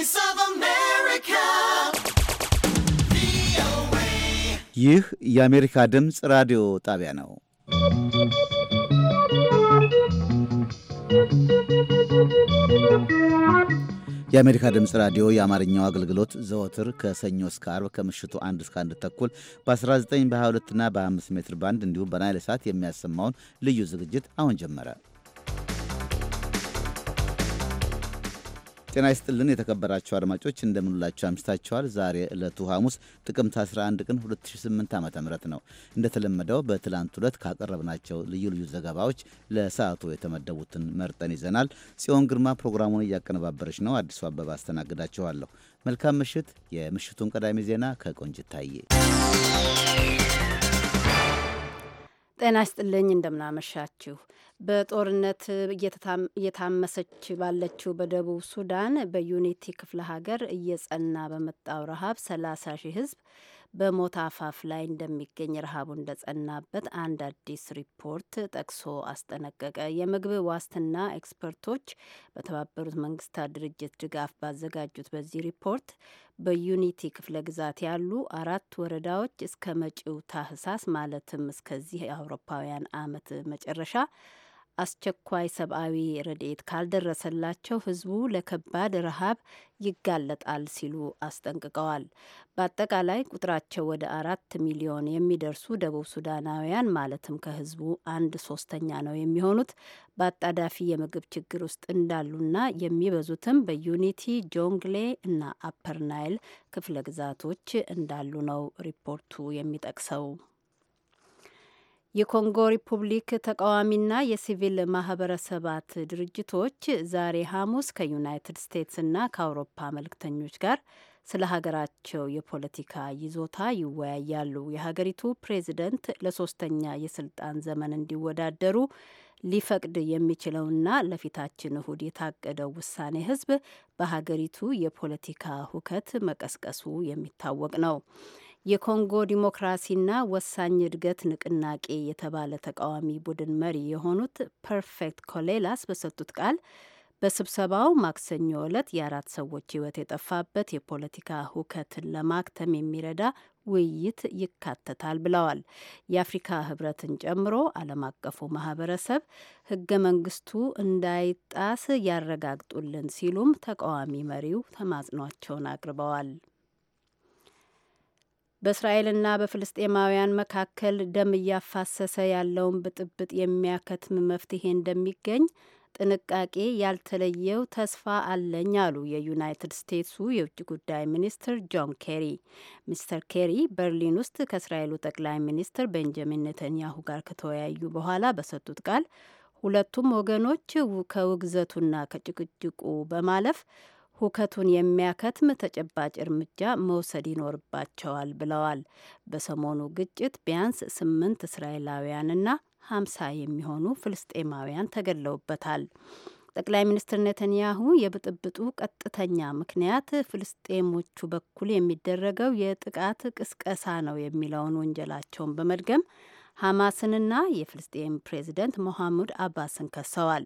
Voice of America. ይህ የአሜሪካ ድምፅ ራዲዮ ጣቢያ ነው። የአሜሪካ ድምፅ ራዲዮ የአማርኛው አገልግሎት ዘወትር ከሰኞ እስከ አርብ ከምሽቱ አንድ እስከ አንድ ተኩል በ19 በ22ና በ25 ሜትር ባንድ እንዲሁም በናይል ሰዓት የሚያሰማውን ልዩ ዝግጅት አሁን ጀመረ። ጤና ይስጥልን የተከበራችሁ አድማጮች እንደምንላችሁ አምሽታችኋል። ዛሬ ዕለቱ ሐሙስ ጥቅምት 11 ቀን 2008 ዓ ም ነው። እንደተለመደው በትላንት ዕለት ካቀረብናቸው ልዩ ልዩ ዘገባዎች ለሰዓቱ የተመደቡትን መርጠን ይዘናል። ጽዮን ግርማ ፕሮግራሙን እያቀነባበረች ነው። አዲሱ አበባ አስተናግዳችኋለሁ። መልካም ምሽት። የምሽቱን ቀዳሚ ዜና ከቆንጅት ታዬ ጤና ይስጥልኝ እንደምናመሻችሁ። በጦርነት እየታመሰች ባለችው በደቡብ ሱዳን በዩኒቲ ክፍለ ሀገር እየጸና በመጣው ረሃብ 30 ሺህ ህዝብ በሞት አፋፍ ላይ እንደሚገኝ ረሃቡ እንደጸናበት አንድ አዲስ ሪፖርት ጠቅሶ አስጠነቀቀ። የምግብ ዋስትና ኤክስፐርቶች በተባበሩት መንግስታት ድርጅት ድጋፍ ባዘጋጁት በዚህ ሪፖርት በዩኒቲ ክፍለ ግዛት ያሉ አራት ወረዳዎች እስከ መጪው ታህሳስ ማለትም እስከዚህ የአውሮፓውያን አመት መጨረሻ አስቸኳይ ሰብአዊ ረድኤት ካልደረሰላቸው ህዝቡ ለከባድ ረሃብ ይጋለጣል ሲሉ አስጠንቅቀዋል። በአጠቃላይ ቁጥራቸው ወደ አራት ሚሊዮን የሚደርሱ ደቡብ ሱዳናውያን ማለትም ከህዝቡ አንድ ሶስተኛ ነው የሚሆኑት በአጣዳፊ የምግብ ችግር ውስጥ እንዳሉና የሚበዙትም በዩኒቲ ጆንግሌ እና አፐርናይል ክፍለ ግዛቶች እንዳሉ ነው ሪፖርቱ የሚጠቅሰው። የኮንጎ ሪፑብሊክ ተቃዋሚና የሲቪል ማህበረሰባት ድርጅቶች ዛሬ ሐሙስ ከዩናይትድ ስቴትስና ከአውሮፓ መልእክተኞች ጋር ስለ ሀገራቸው የፖለቲካ ይዞታ ይወያያሉ። የሀገሪቱ ፕሬዚደንት ለሶስተኛ የስልጣን ዘመን እንዲወዳደሩ ሊፈቅድ የሚችለውና ለፊታችን እሁድ የታቀደው ውሳኔ ህዝብ በሀገሪቱ የፖለቲካ ሁከት መቀስቀሱ የሚታወቅ ነው። የኮንጎ ዲሞክራሲና ወሳኝ እድገት ንቅናቄ የተባለ ተቃዋሚ ቡድን መሪ የሆኑት ፐርፌክት ኮሌላስ በሰጡት ቃል በስብሰባው ማክሰኞ ዕለት የአራት ሰዎች ሕይወት የጠፋበት የፖለቲካ ሁከትን ለማክተም የሚረዳ ውይይት ይካተታል ብለዋል። የአፍሪካ ህብረትን ጨምሮ ዓለም አቀፉ ማህበረሰብ ህገ መንግስቱ እንዳይጣስ ያረጋግጡልን ሲሉም ተቃዋሚ መሪው ተማጽኗቸውን አቅርበዋል። በእስራኤልና በፍልስጤማውያን መካከል ደም እያፋሰሰ ያለውን ብጥብጥ የሚያከትም መፍትሄ እንደሚገኝ ጥንቃቄ ያልተለየው ተስፋ አለኝ አሉ የዩናይትድ ስቴትሱ የውጭ ጉዳይ ሚኒስትር ጆን ኬሪ። ሚስተር ኬሪ በርሊን ውስጥ ከእስራኤሉ ጠቅላይ ሚኒስትር ቤንጃሚን ኔተንያሁ ጋር ከተወያዩ በኋላ በሰጡት ቃል ሁለቱም ወገኖች ከውግዘቱና ከጭቅጭቁ በማለፍ ሁከቱን የሚያከትም ተጨባጭ እርምጃ መውሰድ ይኖርባቸዋል ብለዋል። በሰሞኑ ግጭት ቢያንስ ስምንት እስራኤላውያንና ሀምሳ የሚሆኑ ፍልስጤማውያን ተገድለውበታል። ጠቅላይ ሚኒስትር ኔተንያሁ የብጥብጡ ቀጥተኛ ምክንያት ፍልስጤሞቹ በኩል የሚደረገው የጥቃት ቅስቀሳ ነው የሚለውን ወንጀላቸውን በመድገም ሐማስንና የፍልስጤም ፕሬዚደንት ሞሐሙድ አባስን ከሰዋል።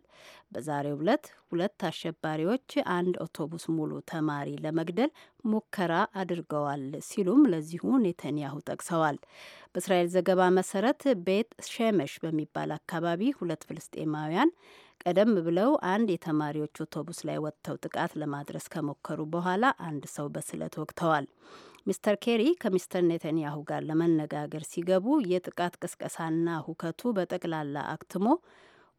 በዛሬው ዕለት ሁለት አሸባሪዎች አንድ አውቶቡስ ሙሉ ተማሪ ለመግደል ሙከራ አድርገዋል ሲሉም ለዚሁ ኔተንያሁ ጠቅሰዋል። በእስራኤል ዘገባ መሰረት ቤት ሸመሽ በሚባል አካባቢ ሁለት ፍልስጤማውያን ቀደም ብለው አንድ የተማሪዎች አውቶቡስ ላይ ወጥተው ጥቃት ለማድረስ ከሞከሩ በኋላ አንድ ሰው በስለት ወግተዋል። ሚስተር ኬሪ ከሚስተር ኔተንያሁ ጋር ለመነጋገር ሲገቡ የጥቃት ቅስቀሳና ሁከቱ በጠቅላላ አክትሞ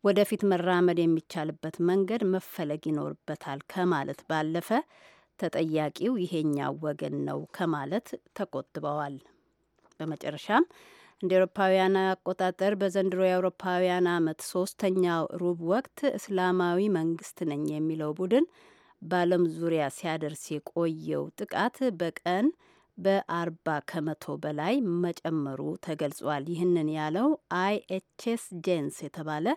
ወደፊት መራመድ የሚቻልበት መንገድ መፈለግ ይኖርበታል ከማለት ባለፈ ተጠያቂው ይሄኛው ወገን ነው ከማለት ተቆጥበዋል። በመጨረሻም እንደ አውሮፓውያን አቆጣጠር በዘንድሮ የአውሮፓውያን አመት ሶስተኛው ሩብ ወቅት እስላማዊ መንግስት ነኝ የሚለው ቡድን በዓለም ዙሪያ ሲያደርስ የቆየው ጥቃት በቀን በአርባ ከመቶ በላይ መጨመሩ ተገልጿል። ይህንን ያለው አይኤችኤስ ጄንስ የተባለ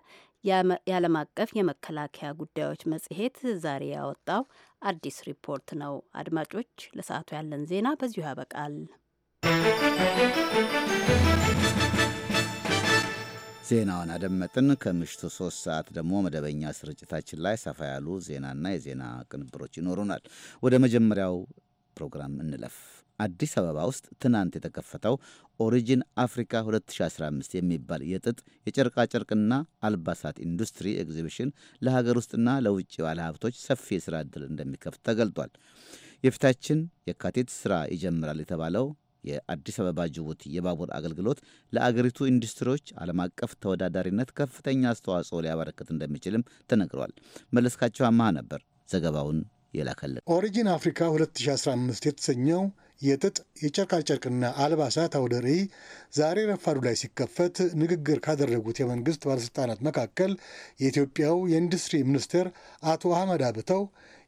የዓለም አቀፍ የመከላከያ ጉዳዮች መጽሔት ዛሬ ያወጣው አዲስ ሪፖርት ነው። አድማጮች፣ ለሰዓቱ ያለን ዜና በዚሁ ያበቃል። ዜናውን አደመጥን። ከምሽቱ ሶስት ሰዓት ደግሞ መደበኛ ስርጭታችን ላይ ሰፋ ያሉ ዜናና የዜና ቅንብሮች ይኖሩናል። ወደ መጀመሪያው ፕሮግራም እንለፍ። አዲስ አበባ ውስጥ ትናንት የተከፈተው ኦሪጂን አፍሪካ 2015 የሚባል የጥጥ የጨርቃጨርቅና አልባሳት ኢንዱስትሪ ኤግዚቢሽን ለሀገር ውስጥና ለውጭ ባለሀብቶች ሰፊ የሥራ ዕድል እንደሚከፍት ተገልጧል። የፊታችን የካቲት ሥራ ይጀምራል የተባለው የአዲስ አበባ ጅቡቲ የባቡር አገልግሎት ለአገሪቱ ኢንዱስትሪዎች ዓለም አቀፍ ተወዳዳሪነት ከፍተኛ አስተዋጽኦ ሊያበረክት እንደሚችልም ተነግሯል። መለስካቸው አማሃ ነበር ዘገባውን የላከልን። ኦሪጂን አፍሪካ 2015 የተሰኘው የጥጥ የጨርቃጨርቅና አልባሳት አውደ ርዕይ ዛሬ ረፋዱ ላይ ሲከፈት ንግግር ካደረጉት የመንግስት ባለሥልጣናት መካከል የኢትዮጵያው የኢንዱስትሪ ሚኒስትር አቶ አህመድ አብተው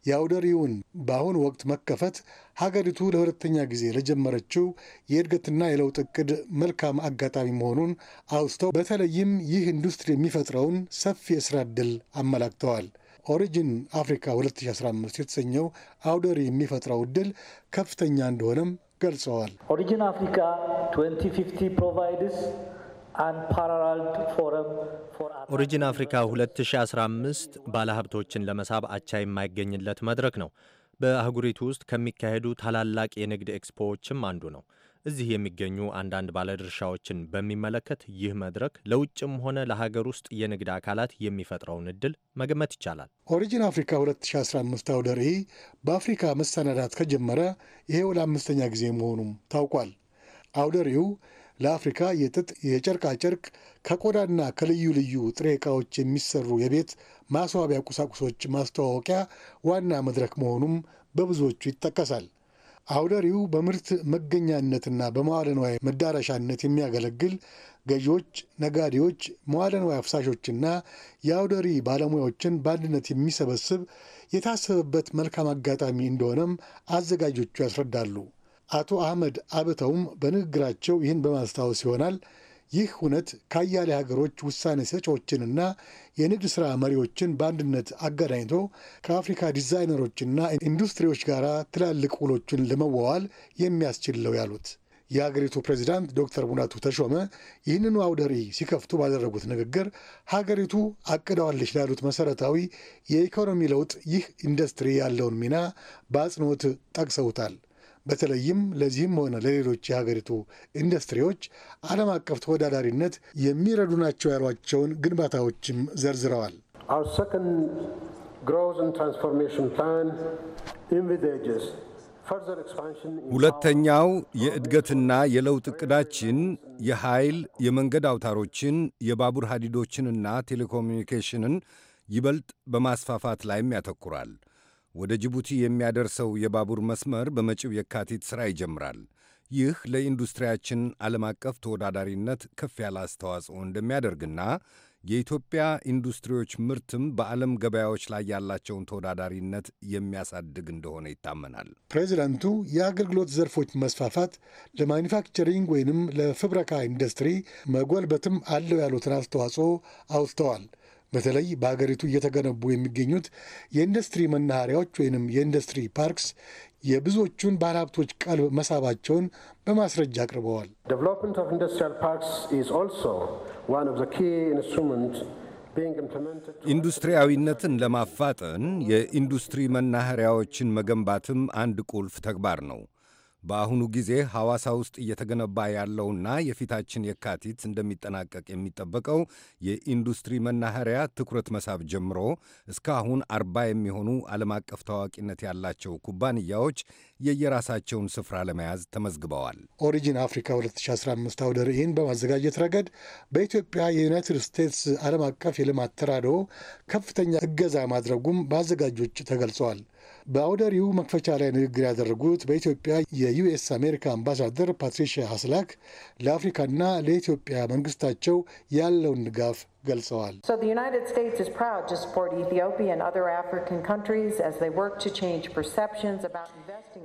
የአውደ ርዕዩን በአሁኑ ወቅት መከፈት ሀገሪቱ ለሁለተኛ ጊዜ ለጀመረችው የእድገትና የለውጥ እቅድ መልካም አጋጣሚ መሆኑን አውስተው በተለይም ይህ ኢንዱስትሪ የሚፈጥረውን ሰፊ የስራ ዕድል አመላክተዋል። ኦሪጂን አፍሪካ 2015 የተሰኘው አውደሪ የሚፈጥረው እድል ከፍተኛ እንደሆነም ገልጸዋል። ኦሪጂን አፍሪካ 2050 ፕሮቫይድስ ኦሪጂን አፍሪካ 2015 ባለሀብቶችን ለመሳብ አቻ የማይገኝለት መድረክ ነው። በአህጉሪቱ ውስጥ ከሚካሄዱ ታላላቅ የንግድ ኤክስፖዎችም አንዱ ነው። እዚህ የሚገኙ አንዳንድ ባለድርሻዎችን በሚመለከት ይህ መድረክ ለውጭም ሆነ ለሀገር ውስጥ የንግድ አካላት የሚፈጥረውን እድል መገመት ይቻላል። ኦሪጂን አፍሪካ 2015 አውደ ርዕይ በአፍሪካ መሰናዳት ከጀመረ ይሄው ለአምስተኛ ጊዜ መሆኑም ታውቋል። አውደ ርዕዩ ለአፍሪካ የጥጥ፣ የጨርቃጨርቅ፣ ከቆዳና ከልዩ ልዩ ጥሬ ዕቃዎች የሚሰሩ የቤት ማስዋቢያ ቁሳቁሶች ማስተዋወቂያ ዋና መድረክ መሆኑም በብዙዎቹ ይጠቀሳል። አውደሪው በምርት መገኛነትና በመዋለንዋይ መዳረሻነት የሚያገለግል ገዢዎች፣ ነጋዴዎች፣ መዋለንዋይ አፍሳሾችና የአውደሪ ባለሙያዎችን በአንድነት የሚሰበስብ የታሰበበት መልካም አጋጣሚ እንደሆነም አዘጋጆቹ ያስረዳሉ። አቶ አህመድ አብተውም በንግግራቸው ይህን በማስታወስ ይሆናል ይህ እውነት ከአያሌ ሀገሮች ውሳኔ ሰጪዎችንና የንግድ ሥራ መሪዎችን በአንድነት አገናኝቶ ከአፍሪካ ዲዛይነሮችና ኢንዱስትሪዎች ጋር ትላልቅ ውሎችን ለመዋዋል የሚያስችል ነው ያሉት የሀገሪቱ ፕሬዚዳንት ዶክተር ሙላቱ ተሾመ ይህንኑ አውደ ርዕይ ሲከፍቱ ባደረጉት ንግግር ሀገሪቱ አቅደዋለች ላሉት መሰረታዊ የኢኮኖሚ ለውጥ ይህ ኢንዱስትሪ ያለውን ሚና በአጽንኦት ጠቅሰውታል። በተለይም ለዚህም ሆነ ለሌሎች የሀገሪቱ ኢንዱስትሪዎች ዓለም አቀፍ ተወዳዳሪነት የሚረዱ ናቸው ያሏቸውን ግንባታዎችም ዘርዝረዋል። ሁለተኛው የእድገትና የለውጥ ቅዳችን የኃይል፣ የመንገድ አውታሮችን፣ የባቡር ሀዲዶችንና ቴሌኮሙኒኬሽንን ይበልጥ በማስፋፋት ላይም ያተኩራል። ወደ ጅቡቲ የሚያደርሰው የባቡር መስመር በመጪው የካቲት ሥራ ይጀምራል። ይህ ለኢንዱስትሪያችን ዓለም አቀፍ ተወዳዳሪነት ከፍ ያለ አስተዋጽኦ እንደሚያደርግና የኢትዮጵያ ኢንዱስትሪዎች ምርትም በዓለም ገበያዎች ላይ ያላቸውን ተወዳዳሪነት የሚያሳድግ እንደሆነ ይታመናል። ፕሬዚዳንቱ የአገልግሎት ዘርፎች መስፋፋት ለማኒፋክቸሪንግ ወይንም ለፍብረካ ኢንዱስትሪ መጎልበትም አለው ያሉትን አስተዋጽኦ አውስተዋል። በተለይ በሀገሪቱ እየተገነቡ የሚገኙት የኢንዱስትሪ መናኸሪያዎች ወይንም የኢንዱስትሪ ፓርክስ የብዙዎቹን ባለሀብቶች ቀልብ መሳባቸውን በማስረጃ አቅርበዋል። ኢንዱስትሪያዊነትን ለማፋጠን የኢንዱስትሪ መናኸሪያዎችን መገንባትም አንድ ቁልፍ ተግባር ነው። በአሁኑ ጊዜ ሐዋሳ ውስጥ እየተገነባ ያለውና የፊታችን የካቲት እንደሚጠናቀቅ የሚጠበቀው የኢንዱስትሪ መናኸሪያ ትኩረት መሳብ ጀምሮ እስካሁን አርባ የሚሆኑ ዓለም አቀፍ ታዋቂነት ያላቸው ኩባንያዎች የየራሳቸውን ስፍራ ለመያዝ ተመዝግበዋል። ኦሪጂን አፍሪካ 2015 አውደ ርዕይን በማዘጋጀት ረገድ በኢትዮጵያ የዩናይትድ ስቴትስ ዓለም አቀፍ የልማት ተራድኦ ከፍተኛ እገዛ ማድረጉም በአዘጋጆች ተገልጿል። በአውደሪው መክፈቻ ላይ ንግግር ያደረጉት በኢትዮጵያ የዩኤስ አሜሪካ አምባሳደር ፓትሪሺያ ሀስላክ ለአፍሪካና ለኢትዮጵያ መንግስታቸው ያለውን ድጋፍ ገልጸዋል።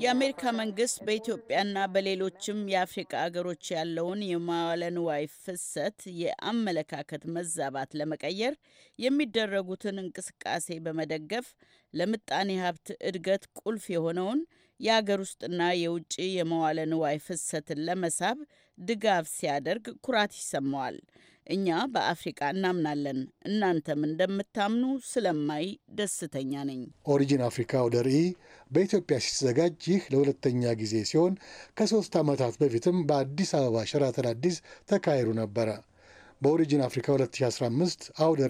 የአሜሪካ መንግስት በኢትዮጵያና በሌሎችም የአፍሪካ አገሮች ያለውን የመዋለ ንዋይ ፍሰት የአመለካከት መዛባት ለመቀየር የሚደረጉትን እንቅስቃሴ በመደገፍ ለምጣኔ ሀብት እድገት ቁልፍ የሆነውን የአገር ውስጥና የውጭ የመዋለ ንዋይ ፍሰትን ለመሳብ ድጋፍ ሲያደርግ ኩራት ይሰማዋል። እኛ በአፍሪቃ እናምናለን፣ እናንተም እንደምታምኑ ስለማይ ደስተኛ ነኝ። ኦሪጂን አፍሪካ ወደ ርኢ በኢትዮጵያ ሲዘጋጅ ይህ ለሁለተኛ ጊዜ ሲሆን ከሶስት ዓመታት በፊትም በአዲስ አበባ ሸራተን አዲስ ተካሂዱ ነበረ። በኦሪጂን አፍሪካ 2015 አውደ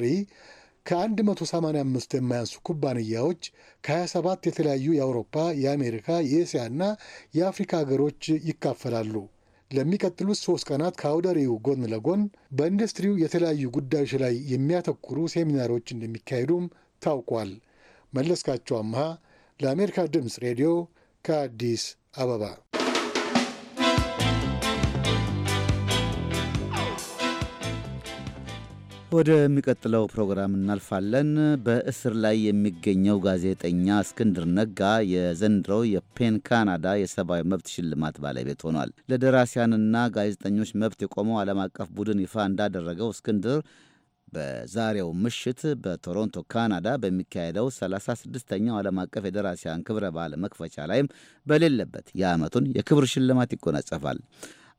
ከ185 የማያንሱ ኩባንያዎች ከ27 የተለያዩ የአውሮፓ፣ የአሜሪካ፣ የእስያና የአፍሪካ ሀገሮች ይካፈላሉ። ለሚቀጥሉት ሶስት ቀናት ከአውደ ርዕዩ ጎን ለጎን በኢንዱስትሪው የተለያዩ ጉዳዮች ላይ የሚያተኩሩ ሴሚናሮች እንደሚካሄዱም ታውቋል። መለስካቸው አምሃ ለአሜሪካ ድምፅ ሬዲዮ ከአዲስ አበባ ወደሚቀጥለው ፕሮግራም እናልፋለን። በእስር ላይ የሚገኘው ጋዜጠኛ እስክንድር ነጋ የዘንድሮው የፔን ካናዳ የሰብአዊ መብት ሽልማት ባለቤት ሆኗል። ለደራሲያንና ጋዜጠኞች መብት የቆመው ዓለም አቀፍ ቡድን ይፋ እንዳደረገው እስክንድር በዛሬው ምሽት በቶሮንቶ ካናዳ በሚካሄደው 36ኛው ዓለም አቀፍ የደራሲያን ክብረ በዓል መክፈቻ ላይም በሌለበት የዓመቱን የክብር ሽልማት ይጎናጸፋል።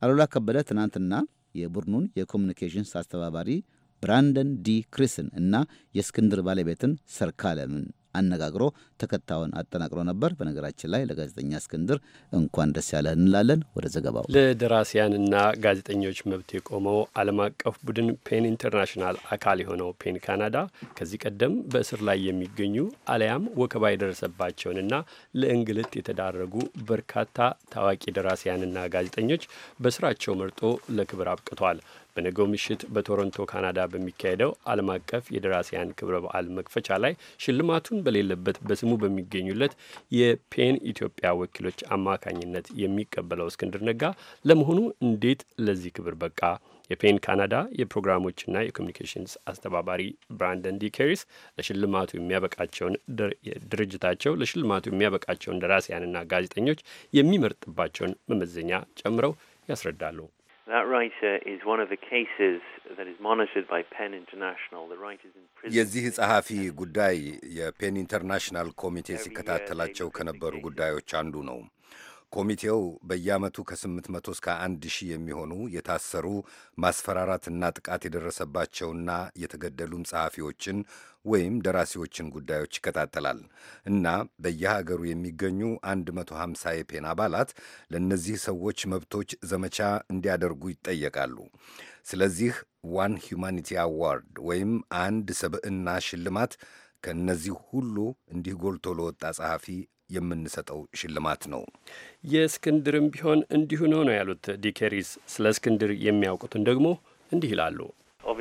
አሉላ ከበደ ትናንትና የቡድኑን የኮሚኒኬሽንስ አስተባባሪ ብራንደን ዲ ክሪስን እና የእስክንድር ባለቤትን ሰርካለምን አነጋግሮ ተከታዩን አጠናቅሮ ነበር። በነገራችን ላይ ለጋዜጠኛ እስክንድር እንኳን ደስ ያለህ እንላለን። ወደ ዘገባው። ለደራሲያንና ጋዜጠኞች መብት የቆመው ዓለም አቀፍ ቡድን ፔን ኢንተርናሽናል አካል የሆነው ፔን ካናዳ ከዚህ ቀደም በእስር ላይ የሚገኙ አለያም ወከባ የደረሰባቸውንና ለእንግልት የተዳረጉ በርካታ ታዋቂ ደራሲያንና ጋዜጠኞች በስራቸው መርጦ ለክብር አብቅቷል። በነገው ምሽት በቶሮንቶ ካናዳ በሚካሄደው ዓለም አቀፍ የደራሲያን ክብረ በዓል መክፈቻ ላይ ሽልማቱን በሌለበት በስሙ በሚገኙለት የፔን ኢትዮጵያ ወኪሎች አማካኝነት የሚቀበለው እስክንድር ነጋ ለመሆኑ እንዴት ለዚህ ክብር በቃ? የፔን ካናዳ የፕሮግራሞችና የኮሚኒኬሽንስ አስተባባሪ ብራንደን ዲ ለሽልማቱ የሚያበቃቸውን ድርጅታቸው ለሽልማቱ የሚያበቃቸውን ደራሲያንና ጋዜጠኞች የሚመርጥባቸውን መመዘኛ ጨምረው ያስረዳሉ። That writer is one of the cases that is monitored by Penn International. The writer is in prison. የዚህ ጸሐፊ ጉዳይ የፔን ኢንተርናሽናል ኮሚቴ ሲከታተላቸው ከነበሩ ጉዳዮች አንዱ ነው። ኮሚቴው በየዓመቱ ከ800 እስከ 1 ሺህ የሚሆኑ የታሰሩ ማስፈራራትና ጥቃት የደረሰባቸውና የተገደሉም ጸሐፊዎችን ወይም ደራሲዎችን ጉዳዮች ይከታተላል እና በየሀገሩ የሚገኙ 150 የፔን አባላት ለእነዚህ ሰዎች መብቶች ዘመቻ እንዲያደርጉ ይጠየቃሉ። ስለዚህ ዋን ሂዩማኒቲ አዋርድ ወይም አንድ ሰብዕና ሽልማት ከእነዚህ ሁሉ እንዲህ ጎልቶ ለወጣ ጸሐፊ የምንሰጠው ሽልማት ነው። የእስክንድርም ቢሆን እንዲሁ ነው ነው ያሉት ዲኬሪስ። ስለ እስክንድር የሚያውቁትን ደግሞ እንዲህ ይላሉ። uh,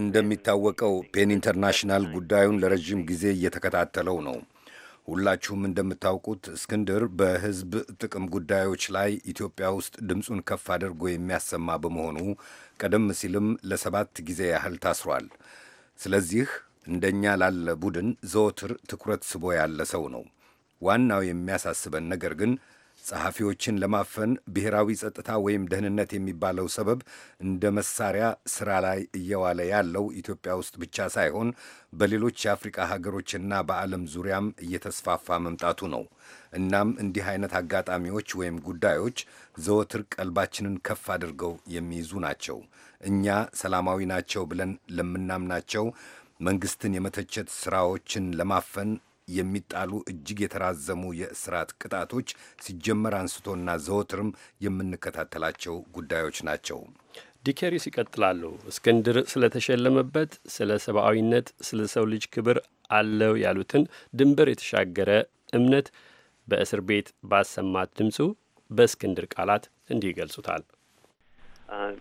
እንደሚታወቀው ፔን ኢንተርናሽናል ጉዳዩን ለረዥም ጊዜ እየተከታተለው ነው። ሁላችሁም እንደምታውቁት እስክንድር በሕዝብ ጥቅም ጉዳዮች ላይ ኢትዮጵያ ውስጥ ድምፁን ከፍ አድርጎ የሚያሰማ በመሆኑ ቀደም ሲልም ለሰባት ጊዜ ያህል ታስሯል። ስለዚህ እንደኛ ላለ ቡድን ዘወትር ትኩረት ስቦ ያለ ሰው ነው። ዋናው የሚያሳስበን ነገር ግን ጸሐፊዎችን ለማፈን ብሔራዊ ጸጥታ ወይም ደህንነት የሚባለው ሰበብ እንደ መሳሪያ ስራ ላይ እየዋለ ያለው ኢትዮጵያ ውስጥ ብቻ ሳይሆን በሌሎች የአፍሪቃ ሀገሮችና በዓለም ዙሪያም እየተስፋፋ መምጣቱ ነው። እናም እንዲህ አይነት አጋጣሚዎች ወይም ጉዳዮች ዘወትር ቀልባችንን ከፍ አድርገው የሚይዙ ናቸው። እኛ ሰላማዊ ናቸው ብለን ለምናምናቸው መንግስትን የመተቸት ስራዎችን ለማፈን የሚጣሉ እጅግ የተራዘሙ የእስራት ቅጣቶች ሲጀመር አንስቶና ዘወትርም የምንከታተላቸው ጉዳዮች ናቸው። ዲኬሪስ ይቀጥላሉ። እስክንድር ስለተሸለመበት ስለ ሰብአዊነት፣ ስለ ሰው ልጅ ክብር አለው ያሉትን ድንበር የተሻገረ እምነት በእስር ቤት ባሰማት ድምፁ በእስክንድር ቃላት እንዲህ ይገልጹታል። uh,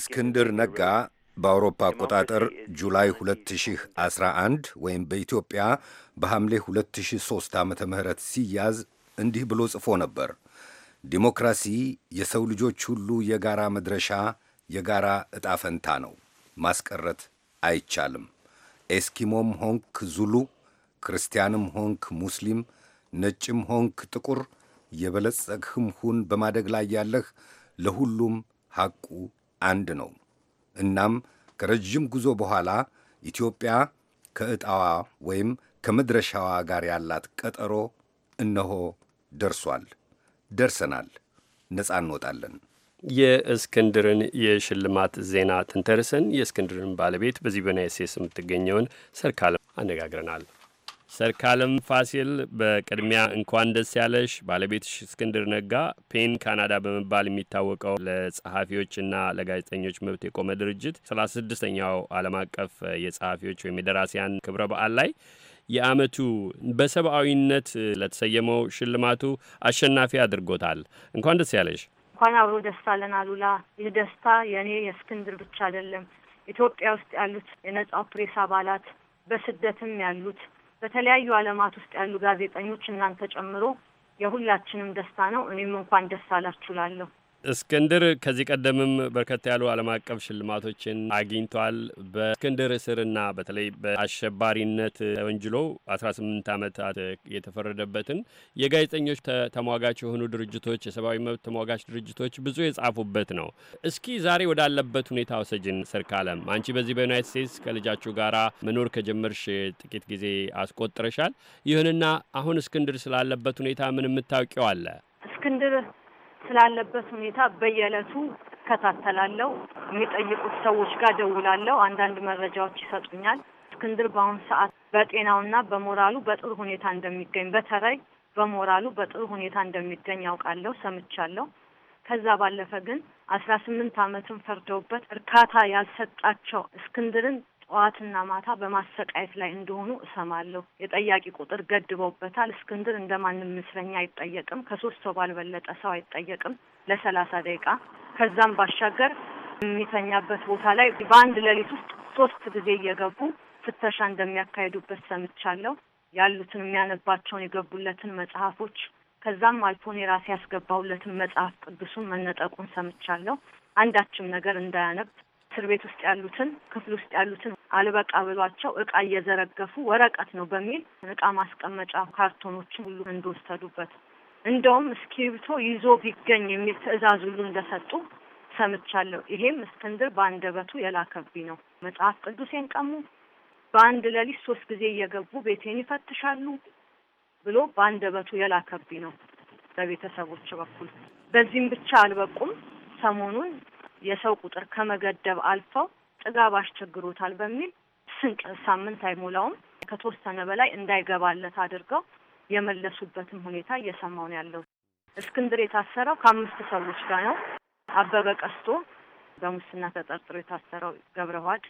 እስክንድር ነጋ በአውሮፓ አቆጣጠር ጁላይ 2011 ወይም በኢትዮጵያ በሐምሌ 2003 ዓ ም ሲያዝ እንዲህ ብሎ ጽፎ ነበር። ዲሞክራሲ የሰው ልጆች ሁሉ የጋራ መድረሻ፣ የጋራ ዕጣ ፈንታ ነው። ማስቀረት አይቻልም። ኤስኪሞም ሆንክ ዙሉ፣ ክርስቲያንም ሆንክ ሙስሊም፣ ነጭም ሆንክ ጥቁር፣ የበለጸግህም ሁን በማደግ ላይ ያለህ፣ ለሁሉም ሐቁ አንድ ነው። እናም ከረዥም ጉዞ በኋላ ኢትዮጵያ ከዕጣዋ ወይም ከመድረሻዋ ጋር ያላት ቀጠሮ እነሆ ደርሷል፣ ደርሰናል፣ ነፃ እንወጣለን። የእስክንድርን የሽልማት ዜና ትንተርስን የእስክንድርን ባለቤት በዚህ በዩናይት ስቴትስ የምትገኘውን ሰርካለም አነጋግረናል። ሰርካለም ፋሲል በቅድሚያ እንኳን ደስ ያለሽ። ባለቤትሽ እስክንድር ነጋ ፔን ካናዳ በመባል የሚታወቀው ለጸሐፊዎችና ለጋዜጠኞች መብት የቆመ ድርጅት ሰላሳ ስድስተኛው ዓለም አቀፍ የጸሐፊዎች ወይም የደራሲያን ክብረ በዓል ላይ የአመቱ በሰብአዊነት ለተሰየመው ሽልማቱ አሸናፊ አድርጎታል። እንኳን ደስ ያለሽ። እንኳን አብሮ ደስታ አለን አሉላ። ይህ ደስታ የእኔ የእስክንድር ብቻ አይደለም። ኢትዮጵያ ውስጥ ያሉት የነጻው ፕሬስ አባላት፣ በስደትም ያሉት በተለያዩ ዓለማት ውስጥ ያሉ ጋዜጠኞች እናንተ ጨምሮ የሁላችንም ደስታ ነው። እኔም እንኳን ደስ አላችሁ ላለሁ እስክንድር ከዚህ ቀደምም በርከት ያሉ ዓለም አቀፍ ሽልማቶችን አግኝቷል። በእስክንድር እስርና በተለይ በአሸባሪነት ወንጅሎ 18 ዓመታት የተፈረደበትን የጋዜጠኞች ተሟጋች የሆኑ ድርጅቶች፣ የሰብአዊ መብት ተሟጋች ድርጅቶች ብዙ የጻፉበት ነው። እስኪ ዛሬ ወዳለበት ሁኔታ ውሰጅን። ሰርካለም፣ አንቺ በዚህ በዩናይት ስቴትስ ከልጃችሁ ጋራ መኖር ከጀመርሽ ጥቂት ጊዜ አስቆጥረሻል። ይሁንና አሁን እስክንድር ስላለበት ሁኔታ ምን የምታውቂው አለ? እስክንድር ስላለበት ሁኔታ በየዕለቱ እከታተላለሁ። የሚጠይቁት ሰዎች ጋር ደውላለሁ። አንዳንድ መረጃዎች ይሰጡኛል። እስክንድር በአሁኑ ሰዓት በጤናውና በሞራሉ በጥሩ ሁኔታ እንደሚገኝ በተለይ በሞራሉ በጥሩ ሁኔታ እንደሚገኝ ያውቃለሁ፣ ሰምቻለሁ። ከዛ ባለፈ ግን አስራ ስምንት ዓመትን ፈርደውበት እርካታ ያልሰጣቸው እስክንድርን ጠዋትና ማታ በማሰቃየት ላይ እንደሆኑ እሰማለሁ። የጠያቂ ቁጥር ገድበውበታል። እስክንድር እንደ ማንም ምስለኛ አይጠየቅም። ከሶስት ሰው ባልበለጠ ሰው አይጠየቅም ለሰላሳ ደቂቃ ከዛም ባሻገር የሚተኛበት ቦታ ላይ በአንድ ሌሊት ውስጥ ሶስት ጊዜ እየገቡ ፍተሻ እንደሚያካሂዱበት ሰምቻለሁ። ያሉትን የሚያነባቸውን የገቡለትን መጽሐፎች ከዛም አልፎን የራሴ ያስገባውለትን መጽሐፍ ቅዱሱን መነጠቁን ሰምቻለሁ። አንዳችም ነገር እንዳያነብ እስር ቤት ውስጥ ያሉትን ክፍል ውስጥ ያሉትን አልበቃ ብሏቸው እቃ እየዘረገፉ ወረቀት ነው በሚል እቃ ማስቀመጫ ካርቶኖችን ሁሉ እንደወሰዱበት እንደውም እስክሪብቶ ይዞ ቢገኝ የሚል ትዕዛዝ ሁሉ እንደሰጡ ሰምቻለሁ። ይሄም እስክንድር በአንደበቱ የላከብኝ ነው። መጽሐፍ ቅዱሴን ቀሙ፣ በአንድ ሌሊት ሶስት ጊዜ እየገቡ ቤቴን ይፈትሻሉ ብሎ በአንደበቱ የላከብኝ ነው በቤተሰቦች በኩል። በዚህም ብቻ አልበቁም። ሰሞኑን የሰው ቁጥር ከመገደብ አልፈው ጥጋብ አስቸግሮታል በሚል ስንቅ ሳምንት አይሞላውም ከተወሰነ በላይ እንዳይገባለት አድርገው የመለሱበትም ሁኔታ እየሰማው ነው ያለው። እስክንድር የታሰረው ከአምስት ሰዎች ጋር ነው። አበበ ቀስቶ በሙስና ተጠርጥሮ የታሰረው ገብረዋድ፣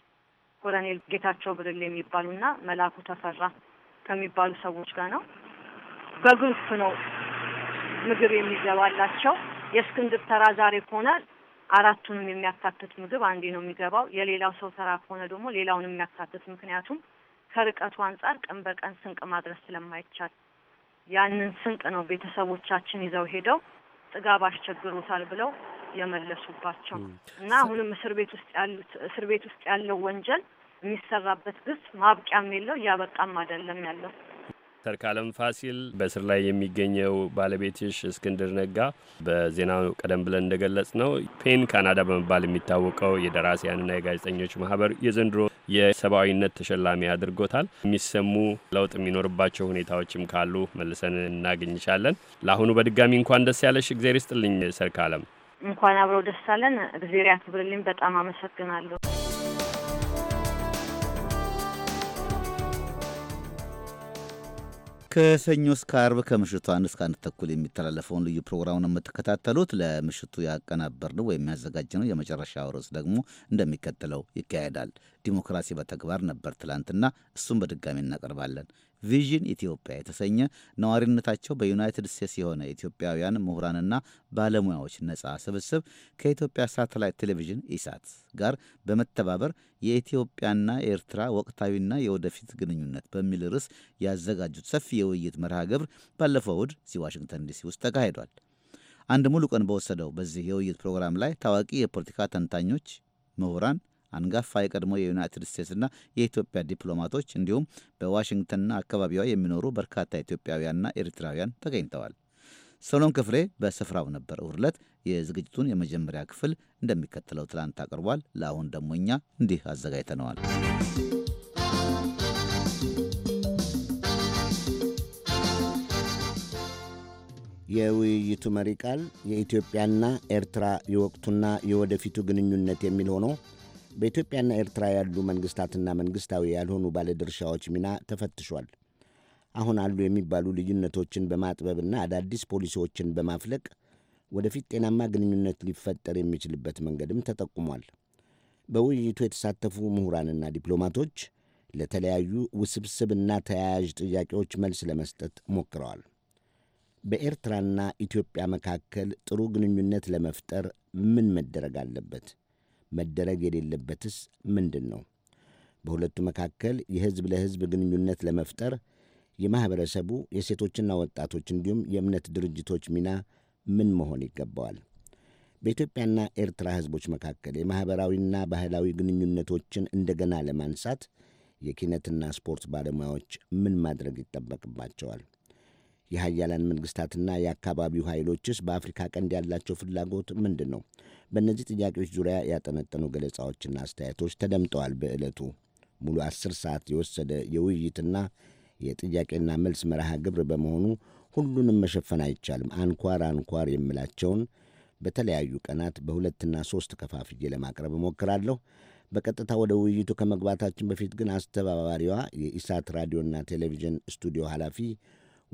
ኮሎኔል ጌታቸው ብርል የሚባሉና መላኩ ተፈራ ከሚባሉ ሰዎች ጋር ነው። በግልፍ ነው ምግብ የሚገባላቸው። የእስክንድር ተራ ዛሬ ከሆነ አራቱንም የሚያካትት ምግብ አንዴ ነው የሚገባው። የሌላው ሰው ተራ ከሆነ ደግሞ ሌላውን የሚያካትት ምክንያቱም ከርቀቱ አንጻር ቀን በቀን ስንቅ ማድረስ ስለማይቻል ያንን ስንቅ ነው ቤተሰቦቻችን ይዘው ሄደው ጥጋብ አስቸግሮታል ብለው የመለሱባቸው እና አሁንም እስር ቤት ውስጥ ያሉት እስር ቤት ውስጥ ያለው ወንጀል የሚሰራበት ግፍ ማብቂያም የለው እያበቃም አይደለም ያለው። ተርካለም ፋሲል በእስር ላይ የሚገኘው ባለቤትሽ እስክንድር ነጋ በዜናው ቀደም ብለን እንደገለጽ ነው ፔን ካናዳ በመባል የሚታወቀው የደራሲያንና የጋዜጠኞች ማህበር የዘንድሮ የሰብአዊነት ተሸላሚ አድርጎታል። የሚሰሙ ለውጥ የሚኖርባቸው ሁኔታዎችም ካሉ መልሰን እናገኝሻለን። ለአሁኑ በድጋሚ እንኳን ደስ ያለሽ። እግዜር ይስጥልኝ። ሰርካለም እንኳን አብረው ደስ አለን። እግዜር ያክብርልኝ። በጣም አመሰግናለሁ። ከሰኞ እስከ አርብ ከምሽቱ አንድ እስከ አንድ ተኩል የሚተላለፈውን ልዩ ፕሮግራሙን የምትከታተሉት። ለምሽቱ ያቀናበር ነው ወይም ያዘጋጅ ነው። የመጨረሻ ርዕስ ደግሞ እንደሚከተለው ይካሄዳል። ዲሞክራሲ በተግባር ነበር ትላንትና። እሱም በድጋሚ እናቀርባለን። ቪዥን ኢትዮጵያ የተሰኘ ነዋሪነታቸው በዩናይትድ ስቴትስ የሆነ ኢትዮጵያውያን ምሁራንና ባለሙያዎች ነጻ ስብስብ ከኢትዮጵያ ሳተላይት ቴሌቪዥን ኢሳት ጋር በመተባበር የኢትዮጵያና ኤርትራ ወቅታዊና የወደፊት ግንኙነት በሚል ርዕስ ያዘጋጁት ሰፊ የውይይት መርሃ ግብር ባለፈው እሁድ እዚህ ዋሽንግተን ዲሲ ውስጥ ተካሂዷል። አንድ ሙሉ ቀን በወሰደው በዚህ የውይይት ፕሮግራም ላይ ታዋቂ የፖለቲካ ተንታኞች፣ ምሁራን አንጋፋ የቀድሞ የዩናይትድ ስቴትስና የኢትዮጵያ ዲፕሎማቶች እንዲሁም በዋሽንግተንና አካባቢዋ የሚኖሩ በርካታ ኢትዮጵያውያንና ኤርትራውያን ተገኝተዋል። ሰሎን ክፍሌ በስፍራው ነበር። እሁድ ዕለት የዝግጅቱን የመጀመሪያ ክፍል እንደሚከተለው ትላንት አቅርቧል። ለአሁን ደግሞ እኛ እንዲህ አዘጋጅተነዋል። የውይይቱ መሪ ቃል የኢትዮጵያና ኤርትራ የወቅቱና የወደፊቱ ግንኙነት የሚል ሆኖ በኢትዮጵያና ኤርትራ ያሉ መንግስታትና መንግስታዊ ያልሆኑ ባለድርሻዎች ሚና ተፈትሿል። አሁን አሉ የሚባሉ ልዩነቶችን በማጥበብና አዳዲስ ፖሊሲዎችን በማፍለቅ ወደፊት ጤናማ ግንኙነት ሊፈጠር የሚችልበት መንገድም ተጠቁሟል። በውይይቱ የተሳተፉ ምሁራንና ዲፕሎማቶች ለተለያዩ ውስብስብና ተያያዥ ጥያቄዎች መልስ ለመስጠት ሞክረዋል። በኤርትራና ኢትዮጵያ መካከል ጥሩ ግንኙነት ለመፍጠር ምን መደረግ አለበት? መደረግ የሌለበትስ ምንድን ነው? በሁለቱ መካከል የሕዝብ ለሕዝብ ግንኙነት ለመፍጠር የማኅበረሰቡ የሴቶችና ወጣቶች እንዲሁም የእምነት ድርጅቶች ሚና ምን መሆን ይገባዋል? በኢትዮጵያና ኤርትራ ሕዝቦች መካከል የማኅበራዊና ባህላዊ ግንኙነቶችን እንደገና ለማንሳት የኪነትና ስፖርት ባለሙያዎች ምን ማድረግ ይጠበቅባቸዋል? የሀያላን መንግስታትና የአካባቢው ኃይሎችስ በአፍሪካ ቀንድ ያላቸው ፍላጎት ምንድን ነው? በእነዚህ ጥያቄዎች ዙሪያ ያጠነጠኑ ገለጻዎችና አስተያየቶች ተደምጠዋል። በዕለቱ ሙሉ አስር ሰዓት የወሰደ የውይይትና የጥያቄና መልስ መርሃ ግብር በመሆኑ ሁሉንም መሸፈን አይቻልም። አንኳር አንኳር የምላቸውን በተለያዩ ቀናት በሁለትና ሶስት ከፋፍዬ ለማቅረብ እሞክራለሁ። በቀጥታ ወደ ውይይቱ ከመግባታችን በፊት ግን አስተባባሪዋ የኢሳት ራዲዮና ቴሌቪዥን ስቱዲዮ ኃላፊ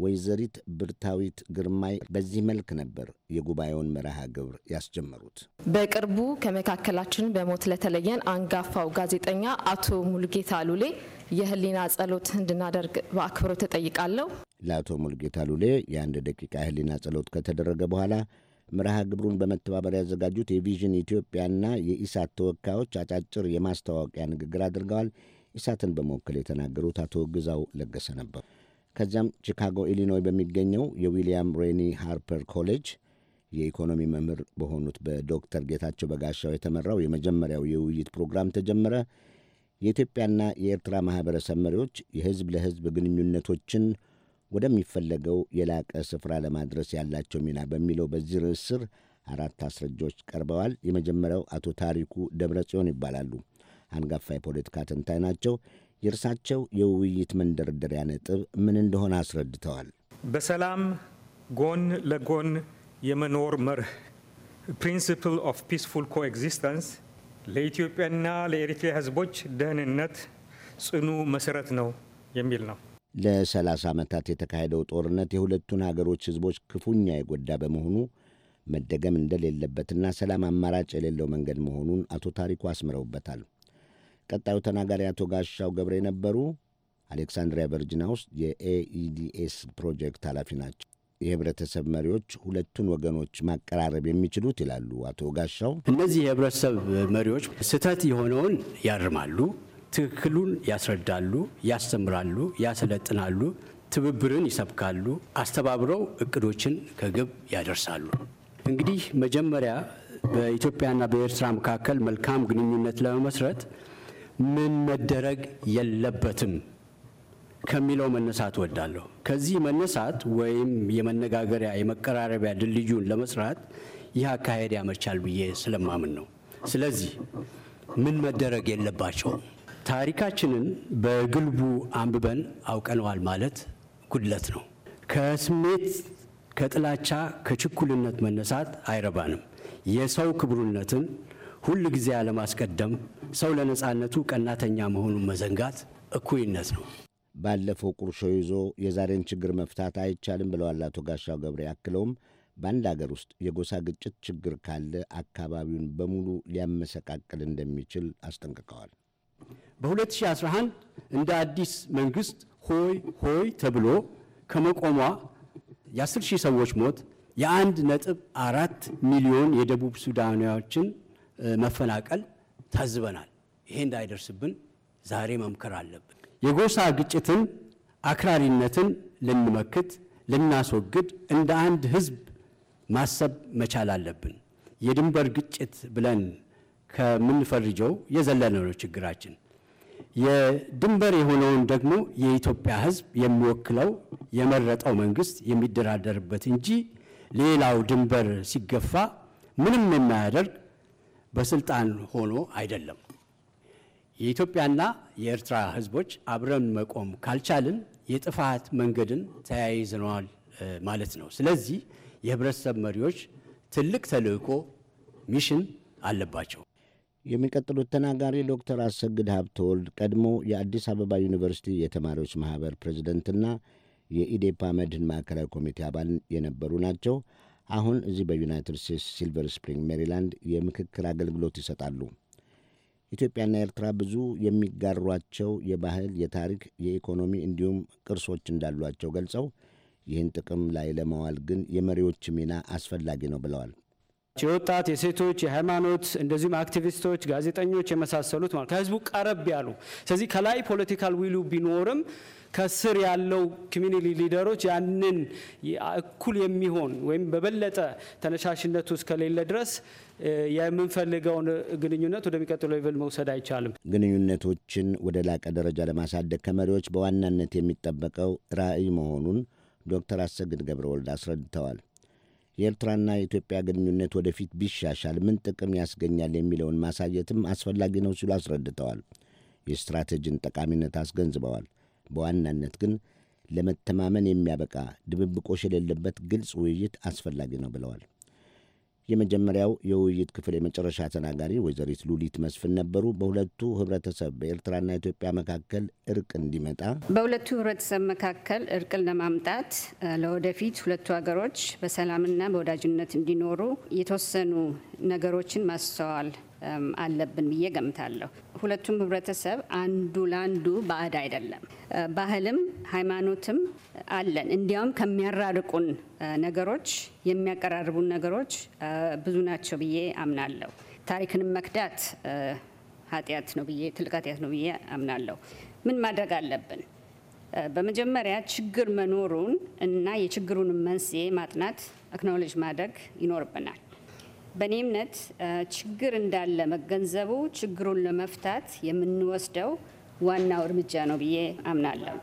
ወይዘሪት ብርታዊት ግርማይ በዚህ መልክ ነበር የጉባኤውን መርሃ ግብር ያስጀመሩት። በቅርቡ ከመካከላችን በሞት ለተለየን አንጋፋው ጋዜጠኛ አቶ ሙልጌታ ሉሌ የህሊና ጸሎት እንድናደርግ በአክብሮት ተጠይቃለሁ። ለአቶ ሙልጌታ ሉሌ የአንድ ደቂቃ የህሊና ጸሎት ከተደረገ በኋላ መርሃ ግብሩን በመተባበር ያዘጋጁት የቪዥን ኢትዮጵያና የኢሳት ተወካዮች አጫጭር የማስታዋወቂያ ንግግር አድርገዋል። ኢሳትን በመወከል የተናገሩት አቶ ግዛው ለገሰ ነበሩ። ከዚያም ቺካጎ ኢሊኖይ በሚገኘው የዊልያም ሬኒ ሃርፐር ኮሌጅ የኢኮኖሚ መምህር በሆኑት በዶክተር ጌታቸው በጋሻው የተመራው የመጀመሪያው የውይይት ፕሮግራም ተጀመረ። የኢትዮጵያና የኤርትራ ማኅበረሰብ መሪዎች የሕዝብ ለሕዝብ ግንኙነቶችን ወደሚፈለገው የላቀ ስፍራ ለማድረስ ያላቸው ሚና በሚለው በዚህ ርዕስ ስር አራት አስረጃዎች ቀርበዋል። የመጀመሪያው አቶ ታሪኩ ደብረ ጽዮን ይባላሉ። አንጋፋ የፖለቲካ ተንታኝ ናቸው። የእርሳቸው የውይይት መንደርደሪያ ነጥብ ምን እንደሆነ አስረድተዋል። በሰላም ጎን ለጎን የመኖር መርህ ፕሪንስፕል ኦፍ ፒስፉል ኮኤግዚስተንስ ለኢትዮጵያና ለኤሪትሪያ ህዝቦች ደህንነት ጽኑ መሰረት ነው የሚል ነው። ለ30 ዓመታት የተካሄደው ጦርነት የሁለቱን አገሮች ህዝቦች ክፉኛ የጎዳ በመሆኑ መደገም እንደሌለበትና ሰላም አማራጭ የሌለው መንገድ መሆኑን አቶ ታሪኩ አስምረውበታል። ቀጣዩ ተናጋሪ አቶ ጋሻው ገብሬ ነበሩ። አሌክሳንድሪያ ቨርጂና ውስጥ የኤኢዲኤስ ፕሮጀክት ኃላፊ ናቸው። የህብረተሰብ መሪዎች ሁለቱን ወገኖች ማቀራረብ የሚችሉት ይላሉ አቶ ጋሻው። እነዚህ የህብረተሰብ መሪዎች ስህተት የሆነውን ያርማሉ፣ ትክክሉን ያስረዳሉ፣ ያስተምራሉ፣ ያሰለጥናሉ፣ ትብብርን ይሰብካሉ፣ አስተባብረው እቅዶችን ከግብ ያደርሳሉ። እንግዲህ መጀመሪያ በኢትዮጵያና በኤርትራ መካከል መልካም ግንኙነት ለመመስረት ምን መደረግ የለበትም ከሚለው መነሳት ወዳለሁ ከዚህ መነሳት ወይም የመነጋገሪያ የመቀራረቢያ ድልድዩን ለመስራት ይህ አካሄድ ያመቻል ብዬ ስለማምን ነው። ስለዚህ ምን መደረግ የለባቸውም ታሪካችንን በግልቡ አንብበን አውቀነዋል ማለት ጉድለት ነው። ከስሜት ከጥላቻ፣ ከችኩልነት መነሳት አይረባንም። የሰው ክቡርነትን ሁል ጊዜ አለማስቀደም፣ ሰው ለነፃነቱ ቀናተኛ መሆኑን መዘንጋት እኩይነት ነው። ባለፈው ቁርሾ ይዞ የዛሬን ችግር መፍታት አይቻልም ብለዋል አቶ ጋሻው ገብሬ። አክለውም በአንድ አገር ውስጥ የጎሳ ግጭት ችግር ካለ አካባቢውን በሙሉ ሊያመሰቃቅል እንደሚችል አስጠንቅቀዋል። በ2011 እንደ አዲስ መንግስት ሆይ ሆይ ተብሎ ከመቆሟ የ10 ሺህ ሰዎች ሞት የአንድ ነጥብ አራት ሚሊዮን የደቡብ ሱዳናዎችን መፈናቀል ታዝበናል። ይሄ እንዳይደርስብን ዛሬ መምከር አለብን። የጎሳ ግጭትን፣ አክራሪነትን ልንመክት ልናስወግድ እንደ አንድ ህዝብ ማሰብ መቻል አለብን። የድንበር ግጭት ብለን ከምንፈርጀው የዘለለ ነው ችግራችን። የድንበር የሆነውን ደግሞ የኢትዮጵያ ህዝብ የሚወክለው የመረጠው መንግስት የሚደራደርበት እንጂ ሌላው ድንበር ሲገፋ ምንም የማያደርግ በስልጣን ሆኖ አይደለም። የኢትዮጵያና የኤርትራ ህዝቦች አብረን መቆም ካልቻልን የጥፋት መንገድን ተያይዘነዋል ማለት ነው። ስለዚህ የህብረተሰብ መሪዎች ትልቅ ተልእኮ ሚሽን አለባቸው። የሚቀጥሉት ተናጋሪ ዶክተር አሰግድ ሀብተወልድ ቀድሞ የአዲስ አበባ ዩኒቨርሲቲ የተማሪዎች ማህበር ፕሬዚደንትና የኢዴፓ መድህን ማዕከላዊ ኮሚቴ አባል የነበሩ ናቸው። አሁን እዚህ በዩናይትድ ስቴትስ ሲልቨር ስፕሪንግ ሜሪላንድ የምክክር አገልግሎት ይሰጣሉ። ኢትዮጵያና ኤርትራ ብዙ የሚጋሯቸው የባህል፣ የታሪክ፣ የኢኮኖሚ እንዲሁም ቅርሶች እንዳሏቸው ገልጸው ይህን ጥቅም ላይ ለማዋል ግን የመሪዎች ሚና አስፈላጊ ነው ብለዋል። የወጣት የሴቶች፣ የሃይማኖት እንደዚሁም አክቲቪስቶች፣ ጋዜጠኞች የመሳሰሉት ማለት ከህዝቡ ቀረብ ያሉ ስለዚህ ከላይ ፖለቲካል ዊሉ ቢኖርም ከስር ያለው ኮሚኒቲ ሊደሮች ያንን እኩል የሚሆን ወይም በበለጠ ተነሻሽነቱ እስከሌለ ድረስ የምንፈልገውን ግንኙነት ወደሚቀጥለው ሌቭል መውሰድ አይቻልም። ግንኙነቶችን ወደ ላቀ ደረጃ ለማሳደግ ከመሪዎች በዋናነት የሚጠበቀው ራዕይ መሆኑን ዶክተር አሰግድ ገብረ ወልድ አስረድተዋል። የኤርትራና የኢትዮጵያ ግንኙነት ወደፊት ቢሻሻል ምን ጥቅም ያስገኛል የሚለውን ማሳየትም አስፈላጊ ነው ሲሉ አስረድተዋል። የስትራቴጂን ጠቃሚነት አስገንዝበዋል። በዋናነት ግን ለመተማመን የሚያበቃ ድብብቆሽ የሌለበት ግልጽ ውይይት አስፈላጊ ነው ብለዋል። የመጀመሪያው የውይይት ክፍል የመጨረሻ ተናጋሪ ወይዘሪት ሉሊት መስፍን ነበሩ። በሁለቱ ህብረተሰብ በኤርትራና ኢትዮጵያ መካከል እርቅ እንዲመጣ በሁለቱ ህብረተሰብ መካከል እርቅን ለማምጣት ለወደፊት ሁለቱ ሀገሮች በሰላምና በወዳጅነት እንዲኖሩ የተወሰኑ ነገሮችን ማስተዋል አለብን ብዬ ገምታለሁ። ሁለቱም ህብረተሰብ አንዱ ለአንዱ ባዕድ አይደለም። ባህልም ሃይማኖትም አለን። እንዲያውም ከሚያራርቁን ነገሮች የሚያቀራርቡን ነገሮች ብዙ ናቸው ብዬ አምናለሁ። ታሪክንም መክዳት ኃጢአት ነው ብዬ ትልቅ ኃጢአት ነው ብዬ አምናለሁ። ምን ማድረግ አለብን? በመጀመሪያ ችግር መኖሩን እና የችግሩን መንስኤ ማጥናት አክኖሎጅ ማድረግ ይኖርብናል። በእኔ እምነት ችግር እንዳለ መገንዘቡ ችግሩን ለመፍታት የምንወስደው ዋናው እርምጃ ነው ብዬ አምናለሁ።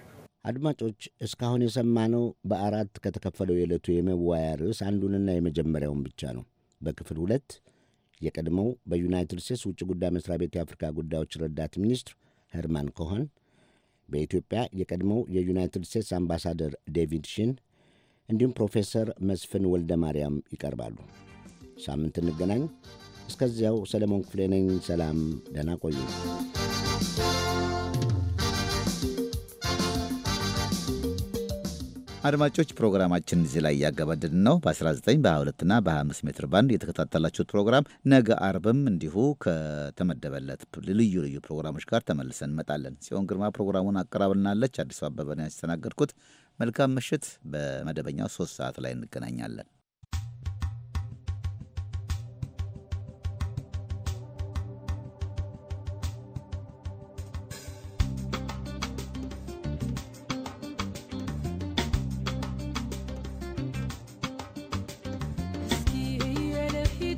አድማጮች፣ እስካሁን የሰማነው በአራት ከተከፈለው የዕለቱ የመወያያ ርዕስ አንዱንና የመጀመሪያውን ብቻ ነው። በክፍል ሁለት የቀድሞው በዩናይትድ ስቴትስ ውጭ ጉዳይ መስሪያ ቤት የአፍሪካ ጉዳዮች ረዳት ሚኒስትር ሄርማን ኮሆን፣ በኢትዮጵያ የቀድሞው የዩናይትድ ስቴትስ አምባሳደር ዴቪድ ሺን እንዲሁም ፕሮፌሰር መስፍን ወልደ ማርያም ይቀርባሉ። ሳምንት እንገናኝ። እስከዚያው ሰለሞን ክፍሌ ነኝ። ሰላም፣ ደህና ቆዩ። አድማጮች ፕሮግራማችን እዚህ ላይ እያገባደድን ነው። በ19 በ22ና በ25 ሜትር ባንድ የተከታተላችሁት ፕሮግራም ነገ አርብም እንዲሁ ከተመደበለት ልዩ ልዩ ፕሮግራሞች ጋር ተመልሰን እንመጣለን። ጽዮን ግርማ ፕሮግራሙን አቀራብልናለች። አዲሱ አበበን ያስተናገድኩት። መልካም ምሽት። በመደበኛው ሶስት ሰዓት ላይ እንገናኛለን።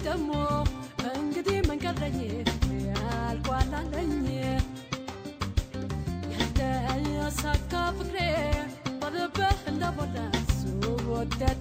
ደግሞ እንግዲህ ምን ቀረኝ ያልቋላለኝ ያልተሳካ ፍቅሬ በልብህ እንደሞላ እሱ ወደደ